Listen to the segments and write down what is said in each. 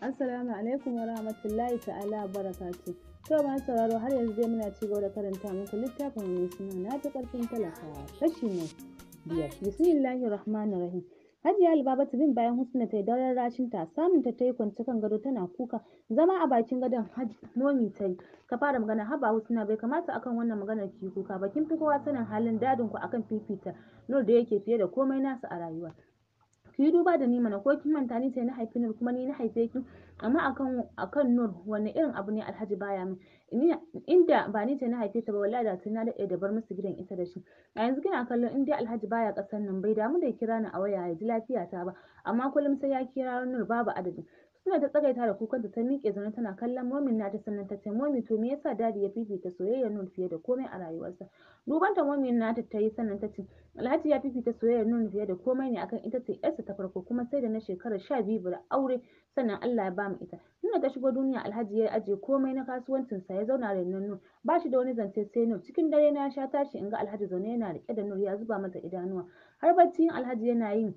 Assalamu alaikum wa rahmatullahi ta'ala barakatu. To ma sauraro har yanzu zai muna ci gaba da karanta muku littafin mai suna na fi karfin talakawa kashi ne, biyar. Bismillahir Rahmanir Rahim. Hajiya Alibaba ta bin bayan Husna ta yi daren rashin ta samun ta tayi kwanci kan gado tana kuka zama a bakin gadon Hajji momi ta yi ka fara magana haba Husna bai kamata akan wannan maganar ki kuka ba kin fi kowa sanin halin dadin ku akan fifita Nur da yake fiye da komai nasa a rayuwa. ki yi duba da ni mana ko kin manta ni ce na haife Nur kuma ni na haife ki amma akan akan Nur wanne irin abu ne Alhaji baya min inda ba ni ce na haife ta ba wallahi da tun na daɗe da bar musu gidan ita da shi a yanzu kina kallon inda Alhaji baya kasan nan bai damu da kira ni a waya ya ji lafiya ta ba amma kullum sai ya kira Nur babu adadi Suna ta tsagaita da kukanta ta miƙe zaune tana kallon momin nata sannan ta ce momi to me yasa dadi ya fifita soyayyar nun fiye da komai a rayuwarsa. Duban ta momin nata ta yi sannan ta ce Alhaji ya fifita soyayyar nun fiye da komai ne akan ita ce yarsa ta farko kuma sai da na shekara sha biyu da aure sannan Allah ya bamu ita. Nuna ta shigo duniya Alhaji ya ajiye komai na kasuwancinsa ya zauna da nun ba shi da wani zance sai nun cikin dare na sha tashi in ga Alhaji zaune yana rike da nur ya zuba mata idanuwa har bacci Alhaji yana yin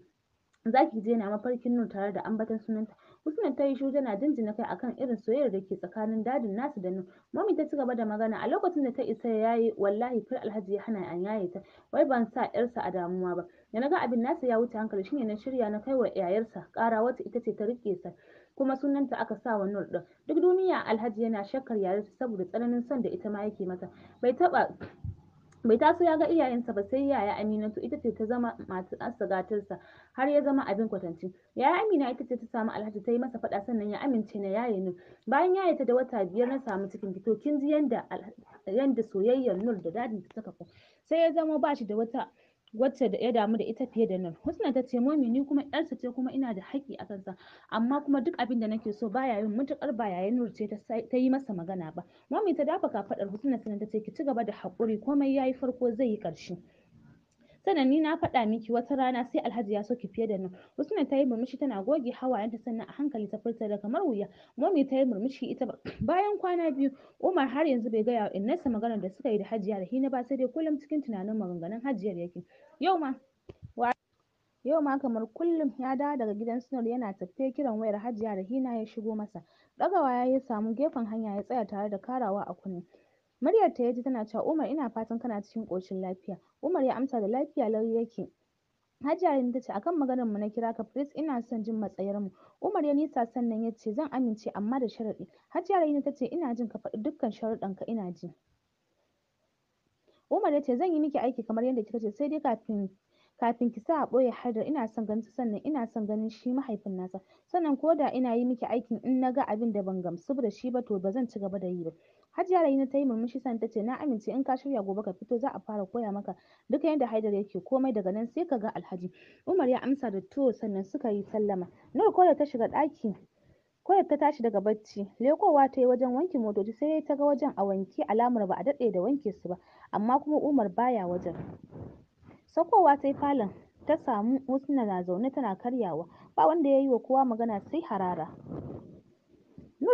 zaki je na mafarkin nun tare da ambaton sunanta Husna ta yi shuja na jinjina kai akan irin soyayyar da ke tsakanin dadin nasu da Nur. Mami ta ci gaba da magana a lokacin da ta isa ya yayi wallahi kar Alhaji ya hana an yaye ta. Wai ban sa ƴarsa a damuwa ba. Da na ga abin nasa ya wuce hankali shine na shirya na kai wa yayarsa ƙara wata ita ce ta riƙe sa. kuma sunanta aka sa wa Nur ɗin. Duk duniya Alhaji yana shakkar yayarsa saboda tsananin son da ita ma yake mata. Bai taɓa Bai taso ya ga iyayensa ba sai yaya Aminatu ita ce ta zama matarsa gatarsa har ya zama abin kwatanci. Yaya Amina ita ce ta samu Alhaji ta yi masa faɗa sannan ya amince na yaye Nur. Bayan yaye ta da wata biyar na samu cikin fito kin ji yanda yanda soyayyar Nur da dadin ta kafa Sai ya zama ba shi da wata wacce da ya damu da ita fiye da nan, Husna ta ce momi ni kuma ƴarsa ce kuma ina da haƙƙi a kansa amma kuma duk abin da nake so baya yin mutukar ba yayin Nur ce ta yi masa magana ba. Momi ta dafa kafaɗar Husna sannan ta ce ki ci gaba da haƙuri komai yayi farko zai yi ƙarshe. sannan ni na faɗa miki wata rana sai alhaji ya soki fiye da nan usman ta yi murmushi tana goge hawayenta sannan a hankali ta furta da kamar wuya momi ta yi murmushi ita ba bayan kwana biyu umar har yanzu bai gaya wa innarsa maganar da suka yi da hajiya da hina ba sai dai kullum cikin tunanin maganganun hajiyar yake yau ma yau ma kamar kullum ya dawo daga gidan sinar yana tafiya kiran wayar hajiya da hina ya shigo masa ɗagawa ya yi samu gefen hanya ya tsaya tare da karawa a kunne Muryarta ya ji tana cewa Umar ina fatan kana cikin ƙoshin lafiya. Umar ya amsa da lafiya lau yake. Hajiya ta ce akan maganar mu na kira ka please ina son jin matsayar mu. Umar ya nisa sannan ya ce zan amince amma da sharaɗi. Hajiya Lami ta ce ina jin ka faɗi dukkan sharuɗan ka ina ji. Umar ya ce zan yi miki aiki kamar yadda kika ce sai dai kafin kafin ki sa a ɓoye hajar ina son ganin sannan ina son ganin shi mahaifin nasa sannan ko da ina yi miki aikin in na ga abin da ban gamsu da shi ba to ba zan ci gaba da yi ba Hajiya Raina ta yi murmushi sannan ta ce na amince in ka shirya gobe ka fito za a fara koya maka duk yadda Haidar yake komai daga nan sai ka ga Alhaji Umar ya amsa da tuwo sannan suka yi sallama Nur ko da ta shiga ɗaki Koyar ta tashi daga bacci, lekowa ta yi wajen wanke motoci sai ta ga wajen a wanke alamar ba a daɗe da wanke su ba, amma kuma Umar baya wajen. Saukowa ta yi falon ta samu wasu na zaune tana karyawa, ba wanda ya yi wa kowa magana sai harara.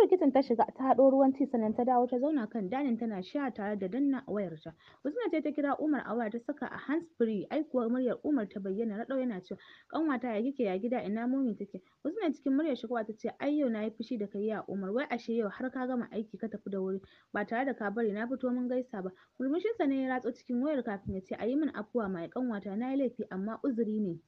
kawai kitchen ta shiga ta haɗo ruwan ci sannan ta dawo ta zauna kan danin tana sha tare da danna wayarta Usman ce ta kira Umar a waya ta saka a hands free ai muryar Umar ta bayyana raɗau yana cewa kanwata ya kike ya gida ina momi take Usman cikin muryar shigowa ta ce ai yau nayi fushi da kai ya Umar wai ashe yau har ka gama aiki ka tafi da wuri ba tare da ka bari na fito mun gaisa ba murmushinsa ne ya ratso cikin wayar kafin ya ce ayi min afuwa mai kanwata nayi laifi amma uzuri ne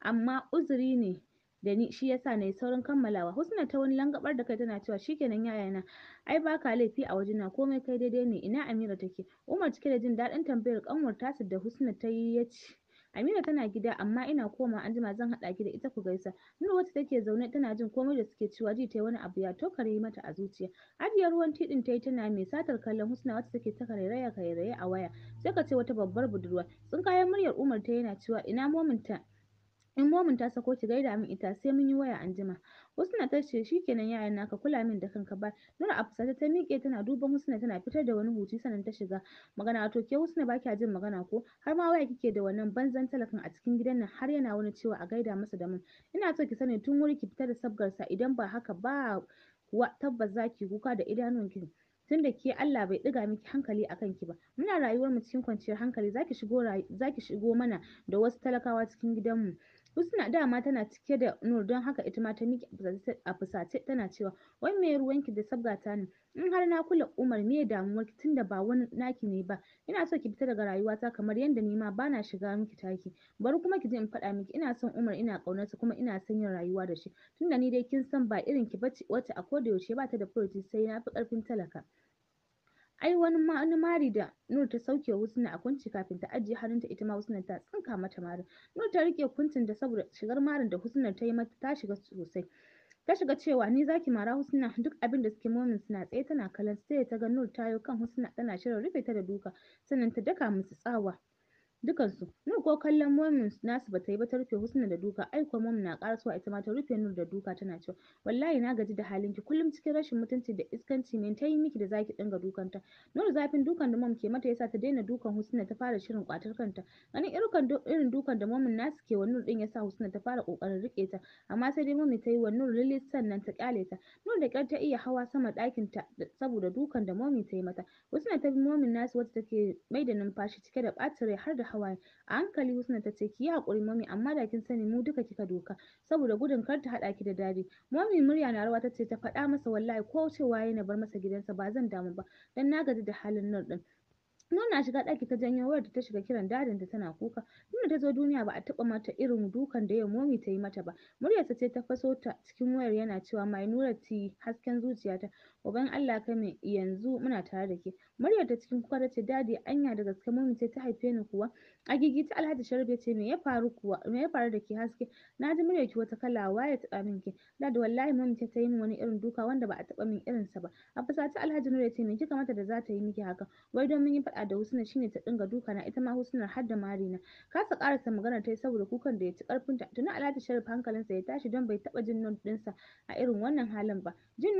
amma uzuri ne da ni shi yasa nayi saurin kammalawa Husna ta wani langabar da kai tana cewa shikenan na. ai baka laifi a wajena komai kai daidai ne ina Amira take Umar cike da jin daɗin tambayar kanwar tasu da Husna ta yi yace Amira tana gida amma ina koma anjima zan haɗa ki da ita ku gaisa. Nura wacce take zaune tana jin komai da suke cewa ji ta wani abu ya tokare mata a zuciya. Ajiyar ruwan tiɗin ta yi tana mai satar kallon Husna wacce take ta rairaya raye a waya. Sai ka ce wata babbar budurwa. Tsinkayen muryar Umar ta yana cewa ina mominta in momin ta sako ki gaida min ita sai mun yi waya anjima husna ta ce shikenan yayan naka kula min da kanka ba nura a fusata ta miƙe tana duban husna tana fitar da wani huci sannan ta shiga magana to ke husna ba kya jin magana ko har ma waya kike da wannan banzan talakan a cikin gidan nan har yana wani cewa a gaida masa da mun ina so ki sani tun wuri ki fita da sabgarsa idan ba haka ba kuwa tabbas za ki kuka da idanun ki? tunda ke Allah bai diga miki hankali a kanki ba muna rayuwar mu cikin kwanciyar hankali zaki shigo zaki shigo mana da wasu talakawa cikin gidanmu Husna dama tana cike da nur don haka ita ma ta miƙe a fusace tana cewa wai me ruwanki da sabgata ne in har na kula Umar me damuwarki tunda ba wani naki ne ba ina so ki fita daga rayuwata kamar yadda ni ma bana shiga miki taki bari kuma ki je in faɗa miki ina son Umar ina ƙaunarsa kuma ina son yin rayuwa da shi tunda ni dai kin san ba irin ki bace wacce a koda yaushe bata da furuci sai na fi ƙarfin talaka ai wani wani mari da Nur ta sauke Husna a kunci kafin ta ajiye hannunta ita ma Husna ta tsinka mata mari. Nur ta rike kuncin da saboda shigar marin da Husna ta yi mata ta shiga sosai ta shiga cewa ni zaki mara Husna duk abin da suke momin suna tsaye tana kallon sai ta ga Nur ta yo kan Husna tana shirin rufe ta da duka sannan ta daka musu tsawa dukansu Nur ko kallon momin nasu bata yi ba ta rufe Husna da duka ai kuwa mom na karasuwa ita ma ta rufe Nur da duka tana cewa wallahi na gaji da halin ki kullum cikin rashin mutunci da iskanci me ta yi miki da zaki dinga dukan ta Nur zafin dukan da mom ke mata yasa ta daina dukan Husna ta fara shirin kwatar kanta ganin irin dukan da momin nasu ke wa Nur din yasa Husna ta fara kokarin rike ta amma sai dai mami ta yi wa Nur lilis sannan ta kyale ta Nur da kyar ta iya hawa sama ɗakin ta saboda dukan da momi ta yi mata Husna ta bi momin nasu wacce take mai da numfashi cike da ɓacin rai har da kawai a hankali Husna ta ce ki yi haƙuri mami amma da kin sani mu duka kika doka saboda gudun kar ta haɗa ki da dadi mami murya na rawa ta ce ta faɗa masa wallahi ko cewa yayi na bar masa gidansa ba zan damu ba dan na gaji da halin nan ɗin Nuna na shiga ɗaki ta janyo da ta shiga kiran dadinta tana kuka. da ta zo duniya ba a taɓa mata irin dukan da yau momi ta yi mata ba. ta ce ta faso ta cikin wayar yana cewa "My Nura ti hasken zuciyata uban Allah ka me yanzu muna tare da ke." Muryarta cikin kuka ta ce "Dadi anya da gaske momi ce ta haife ni kuwa?" A gigita Alhaji Sharbe ce "Me ya faru kuwa? Me ya faru da ke haske? Na ji murya ki wata kala waye taɓa min ki Dadi wallahi momi ce ta yi min wani irin duka wanda ba a taɓa min irinsa ba. A fusace Alhaji Nura ce "Me kika mata da za ta yi miki haka?" Wai don mun yi faɗa da Husna shine ta dinga duka na ita ma Husnar har da marina. Kasa karasa magana ta saboda kukan da ya ci karfinta. Tuna Alhaji Sharif hankalin sa ya tashi don bai taɓa jin nan ɗinsa a irin wannan halin ba. Jin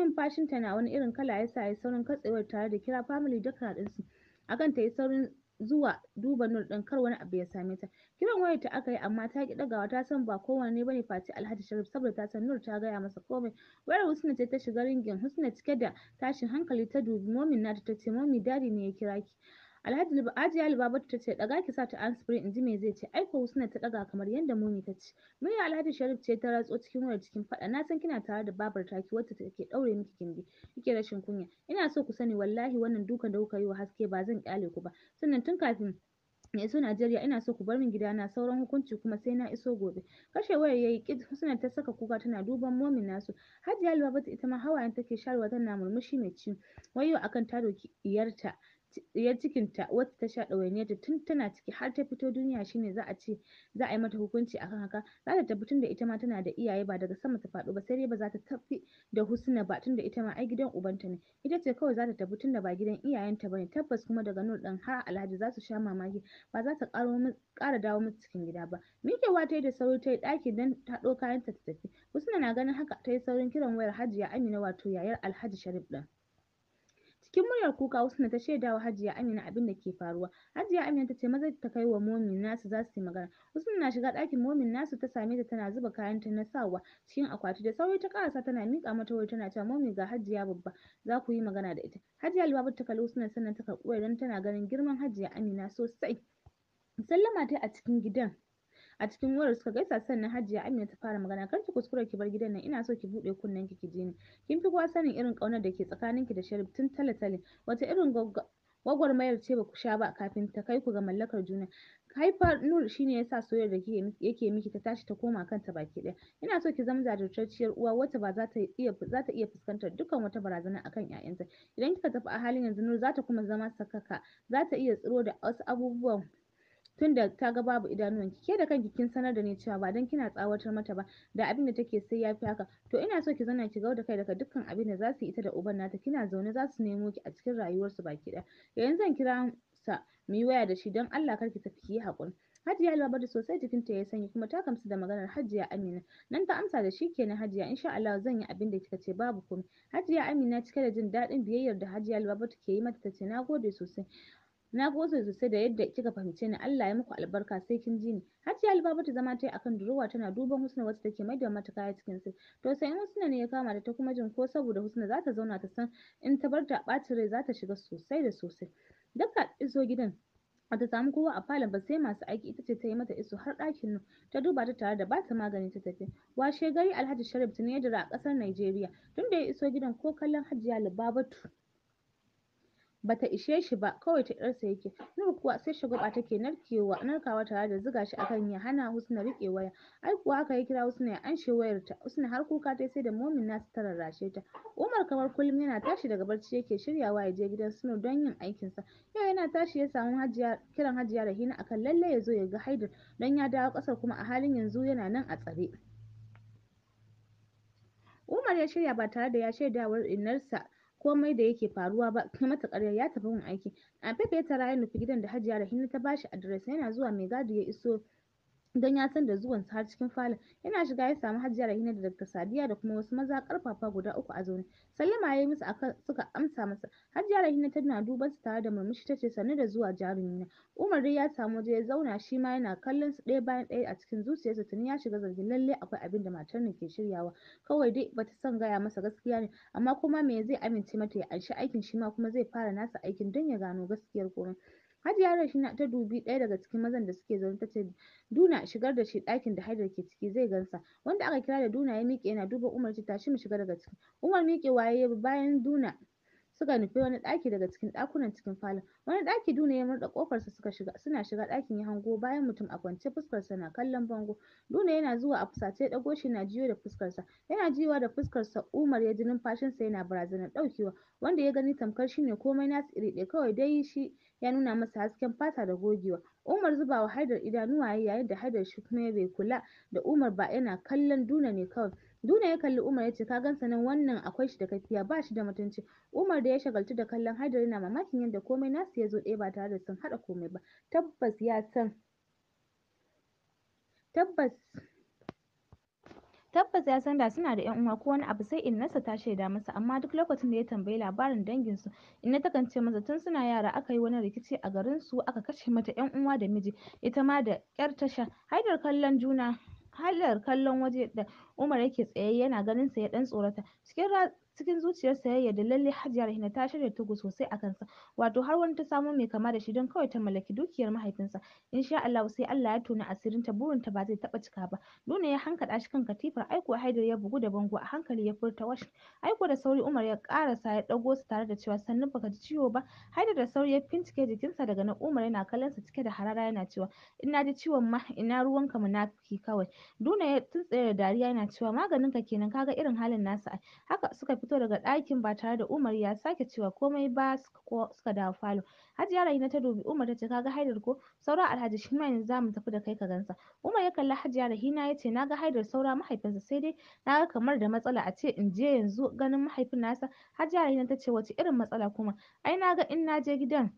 ta na wani irin kala ya sa ya saurin katsewar tare da kira family duka ɗinsu. Akan ta yi saurin zuwa duba nur ɗin kar wani abu ya same ta kiran wayar ta aka yi amma ta ki ɗagawa ta san ba kowane bane face alhaji sharif saboda ta san nur ta gaya masa komai wayar husna ce ta shiga ringin husna cike da tashin hankali ta dubi momin nata ta ce momi dadi ne ya kira ki Alhaji Hajiya Libabatu ta ce daga ki sa ta anspiri in ji me zai ce aiko Husna ta daga kamar yadda Mumi ta ce. Murya Alhaji Sharif ce ta ratso cikin wayar cikin fada na san kina tare da babar taki wacce take daure miki gindi kike rashin kunya ina so ku sani wallahi wannan dukan da kuka yi wa haske ba zan kyale ku ba sannan tun kafin na iso Najeriya ina so ku bar min gidana sauran hukunci kuma sai na iso gobe kashe wayar yayi kid Husna ta saka kuka tana duban momin nasu Hajiya Libabatu ita ma hawayen take sharwa tana murmushi mai ci wayo akan ta doki iyarta cikin cikinta wacce ta sha ta tun tana ciki har ta fito duniya shine za a ce za a yi mata hukunci akan haka za ta tafi tunda ita ma tana da iyaye ba daga sama ta faɗo ba sai dai ba za ta tafi da husna ba tunda ita ma ai gidan ubanta ne ita ce kawai za ta tafi tunda ba gidan iyayenta ba ne. tabbas kuma daga nan ɗin har alhaji za su sha mamaki ba za ta ƙara dawo musu cikin gida ba miƙewa ta yi da sauri ta yi ɗaki don ta ɗau kayanta ta tafi husna na ganin haka ta yi saurin kiran wayar hajiya amina wato yayar alhaji sharif ɗin cikin muryar kuka Husna ta shaida wa Hajiya Amina abin da ke faruwa Hajiya Amina ta ce maza ta kai wa momin nasu za su yi magana Husna na shiga ɗakin momin nasu ta same ta tana zuba kayan ta na sawa cikin akwati da sauri ta karasa tana mika mata wuri tana cewa momi ga Hajiya babba za ku yi magana da ita Hajiya Libabu ta kalli Husna sannan ta karɓi ta tana ganin girman Hajiya Amina sosai sallama ta a cikin gidan a cikin wayar suka gaisa sannan hajiya amina ta fara magana kar ki kuskura ki bar gidan nan ina so ki buɗe kunnen ki ki je ni kin fi kowa sanin irin ƙaunar da ke tsakanin ki da sharif tun tale-tale wata irin gwagwarmayar ce ba ku sha ba kafin ta kai ku ga mallakar juna haifar nur shine yasa soyayyar da yake miki ta tashi ta koma kanta baki ɗaya ina so ki zama jajirtacciyar uwa wata ba za ta iya za ta iya fuskantar dukkan wata barazana akan ƴaƴanta idan kika tafi a halin yanzu nur za ta kuma zama sakaka za ta iya tsiro da wasu abubuwan tunda ta ga babu idanuwan ki ke da kanki kin sanar da ni cewa ba dan kina tsawatar mata ba da abin da take sai yafi haka to ina so ki zauna ki gauda kai daga dukkan abin da za su yi ita da uban nata kina zaune za su nemo ki a cikin rayuwarsu baki ɗaya yayin zan kira sa mu yi waya da shi don Allah kar ki tafi ki yi haƙuri Hajiya Albabatu sosai jikinta ya sanyi kuma ta gamsu da maganar Hajiya Amina. Nan ta amsa da shi kenan Hajiya insha Allah zan yi abin da kika ce babu komai. Hajiya Amina cike da jin daɗin biyayyar da Hajiya Albabatu ke yi mata tace nagode sosai. Na gode sosai da yadda kika fahimce ni Allah ya muku albarka sai kin ji ni. Hajiya Alibaba ta zama ta yi akan durowa tana duban Husna wacce take mai da mata kaya cikin sai. To sai Husna ne ya kama da ta kuma jin ko saboda Husna zata zauna ta san in ta bar ta ɓacin rai zata ta shiga sosai da sosai. Dukka iso gidan ta samu kowa a falon ba sai masu aiki ita ce ta yi mata iso har ɗakin nan ta duba ta tare da ba ta magani ta tafi washe gari alhaji sharif tuni ya dira a ƙasar najeriya tun da ya iso gidan ko kallon hajiya libabatu bata ishe shi ba kawai ta 'yarsa yake Nur kuwa sai shagwaɓa take narkewa narkawa tare da zuga shi akan ya hana Husna riƙe waya ai kuwa haka ya kira Husna ya anshe wayarta Husna har kuka ta sai da momin nasu ta rarrashe ta Umar kamar kullum yana tashi daga barci yake shiryawa ya je gidan suno don yin aikinsa yau yana tashi ya samu hajiya kiran hajiya Rahina akan lalle ya zo ya ga Haidar don ya dawo ƙasar kuma a halin yanzu yana nan a tsare Umar ya shirya ba tare da ya shaidawar innarsa komai da yake faruwa ba ta mata ƙarya ya tafi gun aiki a ya tara nufi gidan da Hajiya Rahina ta bashi adres yana zuwa mai gadi ya iso don ya san da sa har cikin falon yana shiga ya samu hajiya rahina da dr sadiya da kuma wasu maza karfafa guda uku a zaune sallama ya yi musu akan suka amsa masa hajiya rahina na duban su tare da murmushi ta ce sannu da zuwa jarumina umar dai ya samu waje ya zauna shi ma yana kallon su ɗaya bayan ɗaya a cikin zuciyarsa tuni ya shiga zargin lalle akwai abin da matar ne ke shiryawa kawai dai bata son gaya masa gaskiya ne amma kuma me zai amince mata ya anshi aikin shi ma kuma zai fara nasa aikin don ya gano gaskiyar komai Hajiya Rashina ta dubi ɗaya daga cikin mazan da suke zaune ta ce Duna shigar da shi ɗakin da Haidar ke ciki zai gansa. Wanda aka kira da Duna ya miƙe yana duba Umar ta tashi mu shiga daga ciki. Umar miƙewa yayi ya bayan Duna. suka nufi wani ɗaki daga cikin ɗakunan cikin falon wani ɗaki dune ya murɗa ƙofarsa suka shiga suna shiga ɗakin ya hango bayan mutum a kwance fuskarsa na kallon bango duna yana zuwa a fusace ya ɗago shi na jiyo da fuskarsa yana jiyowa da fuskarsa umar ya ji numfashinsa yana barazanar ɗaukewa wanda ya gani tamkar shi ne komai nasu iri ɗaya kawai dai shi ya nuna masa hasken fata da gogewa Umar zubawa Haidar idanuwa idanuwaye yayin da Haidar shi kuma bai kula da Umar ba yana kallon Duna ne kawai. Duna ya kalli Umar ya ce ka gansa nan wannan akwai shi da kafiya ba shi da mutunci. Umar da ya shagaltu da kallon Haidar yana mamakin yadda komai nasu ya zo ɗaya ba tare da sun haɗa komai ba. Tabbas ya san tabbas tabbas ya san da suna da yan uwa ko wani abu sai innarsa ta shaida masa amma duk lokacin da ya tambayi labarin dangin danginsu inna takan ce maza tun suna yara aka yi wani rikici a garin su aka kashe mata yan uwa da miji ita ma da ƴar tasha haidar kallon juna haidar kallon waje da Umar yake tsaye yana ganin sa ya dan tsorata cikin cikin zuciyar ya yarda lalle Hajiya Rahina ta shirya tugu sosai a kansa wato har wani ta samo mai kama da shi don kawai ta mallaki dukiyar mahaifinsa insha Allah sai Allah ya tona asirin ta burin ta ba zai taba cika ba Dole ya hankaɗa shi kan katifar aiko Haidar ya bugu da bango a hankali ya furta wash aiko da sauri Umar ya karasa ya dago su tare da cewa sannan baka ji ciwo ba Haidar da sauri ya fincike jikinsa daga na Umar yana kallon sa cike da harara yana cewa ina ji ciwon ma ina ruwanka munafiki kawai Dole ya tuntsaye da dariya yana cewa maganinka kenan kaga irin halin nasa haka suka fito daga ɗakin ba tare da Umar ya sake cewa komai ba suka dawo falo. Hajiya Rahina ta dubi Umar ta ce kaga Haidar ko saura Alhaji shi ma yanzu zamu tafi da kai ka gansa. Umar ya kalli Hajiya Rahina ya ce naga Haidar saura mahaifinsa sai dai naga kamar da matsala a ce in je yanzu ganin mahaifin nasa. Hajiya Rahina ta ce wace irin matsala kuma ai naga in naje gidan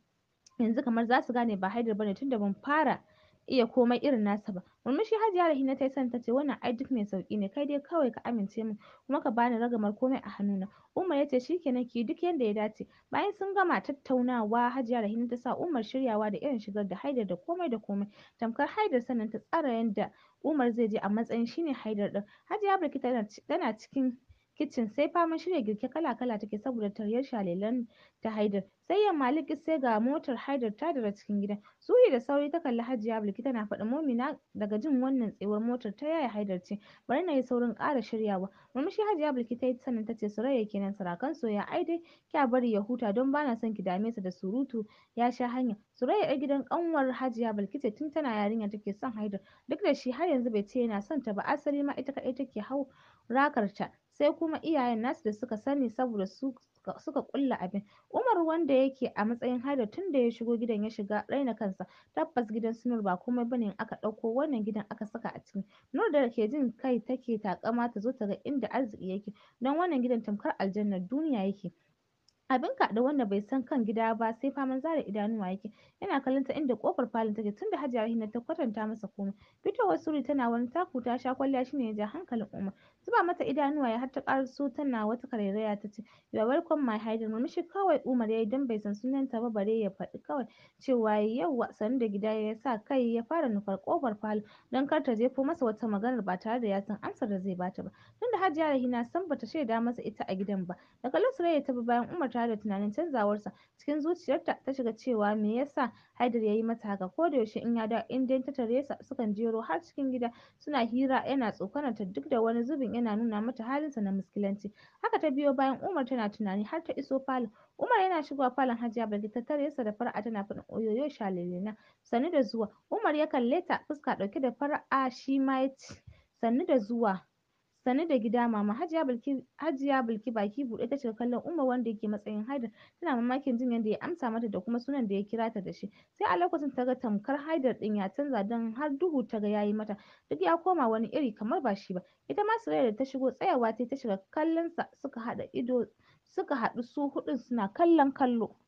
yanzu kamar za su gane ba Haidar bane tunda ban fara iya komai irin nasa ba murmushi hajiya rahina ta yi sannan ta ce wannan ai duk mai sauki ne kai dai kawai ka amince min kuma ka bani ragamar komai a hannuna umar ya ce shikenan ki duk yanda ya dace bayan sun gama tattaunawa hajiya rahina ta sa umar shiryawa da irin shigar da haidar da komai da komai tamkar haidar sannan ta tsara yanda umar zai je a matsayin shine haidar din hajiya bilki tana cikin kicin sai fama shirya girke kala-kala take saboda taryar shalelan ta Haidar. Sai yamma liki sai ga motar Haidar ta daura cikin gida Zuhi da sauri ta kalli Hajiya Bilki tana faɗin Momina daga jin wannan tsewar motar ta yaya Haidar ce. Bari na yi saurin ƙara shiryawa. Murmushi Hajiya Bilki ta yi sannan ta ce Surayya kenan sarakan soya ai dai kya bari ya huta don bana son ki dame sa da surutu ya sha hanya. Surayya 'yar gidan ƙanwar Hajiya Bilki ce tun tana yarinya take son Haidar. Duk da shi har yanzu bai ce yana son ta ba asali ma ita kaɗai take hau rakarta sai kuma iyayen nasu da suka sani saboda su suka kulla abin Umar wanda yake a matsayin haida tun da ya shigo gidan ya shiga raina kansa tabbas gidan su Nur ba komai bane in aka ɗauko wannan gidan aka saka a ciki Nur da ke jin kai take takama ta zo ta inda arziki yake don wannan gidan tamkar aljannar duniya yake abin ka da wanda bai san kan gida ba sai faman zare idanuwa yake yana kallon ta inda kofar falon take tunda Hajiya Rahina ta kwatanta masa komai fitowar Suri tana wani taku ta sha kwalliya shine ya ja hankalin Umar zuba mata idanuwa ya har ta ƙaraso tana wata karairaya ta ce you are welcome my hiding murmushi kawai Umar ya yi dan bai san sunan ta ba bare ya faɗi kawai cewa yau sanin da gida ya sa kai ya fara nufar kofar falon don kar ta jefo masa wata maganar ba tare da ya san amsar da zai bata ba tunda Hajiya Rahina san bata shaida masa ita a gidan ba daga Lusrayya ta bi bayan Umar tare da tunanin canzawarsa cikin zuciyarta ta shiga cewa me yasa Haidar ya yi mata haka ko da yaushe in ya dawo in dai ta tare sa sukan jero har cikin gida suna hira yana tsokanar ta duk da wani zubin yana nuna mata halinsa na muskilanci haka ta biyo bayan Umar tana tunani har ta iso falon Umar yana shigowa falon Hajiya Balki ta tare sa da fara'a tana faɗin oyoyo shalelena sannu da zuwa Umar ya kalle ta fuska ɗauke da fara'a shi ma ya sannu da zuwa sannu da gida mama hajiya bilki hajiya bilki baki buɗe ta cika kallon umar wanda yake matsayin haidar tana mamakin jin yadda ya amsa mata da kuma sunan da ya kira ta da shi sai a lokacin ta ga tamkar haidar ɗin ya canza don har duhu ta ga yayi mata duk ya koma wani iri kamar ba shi ba ita ma surayya da ta shigo tsayawa ta ta shiga kallon sa suka haɗa ido suka haɗu su huɗun suna kallon kallo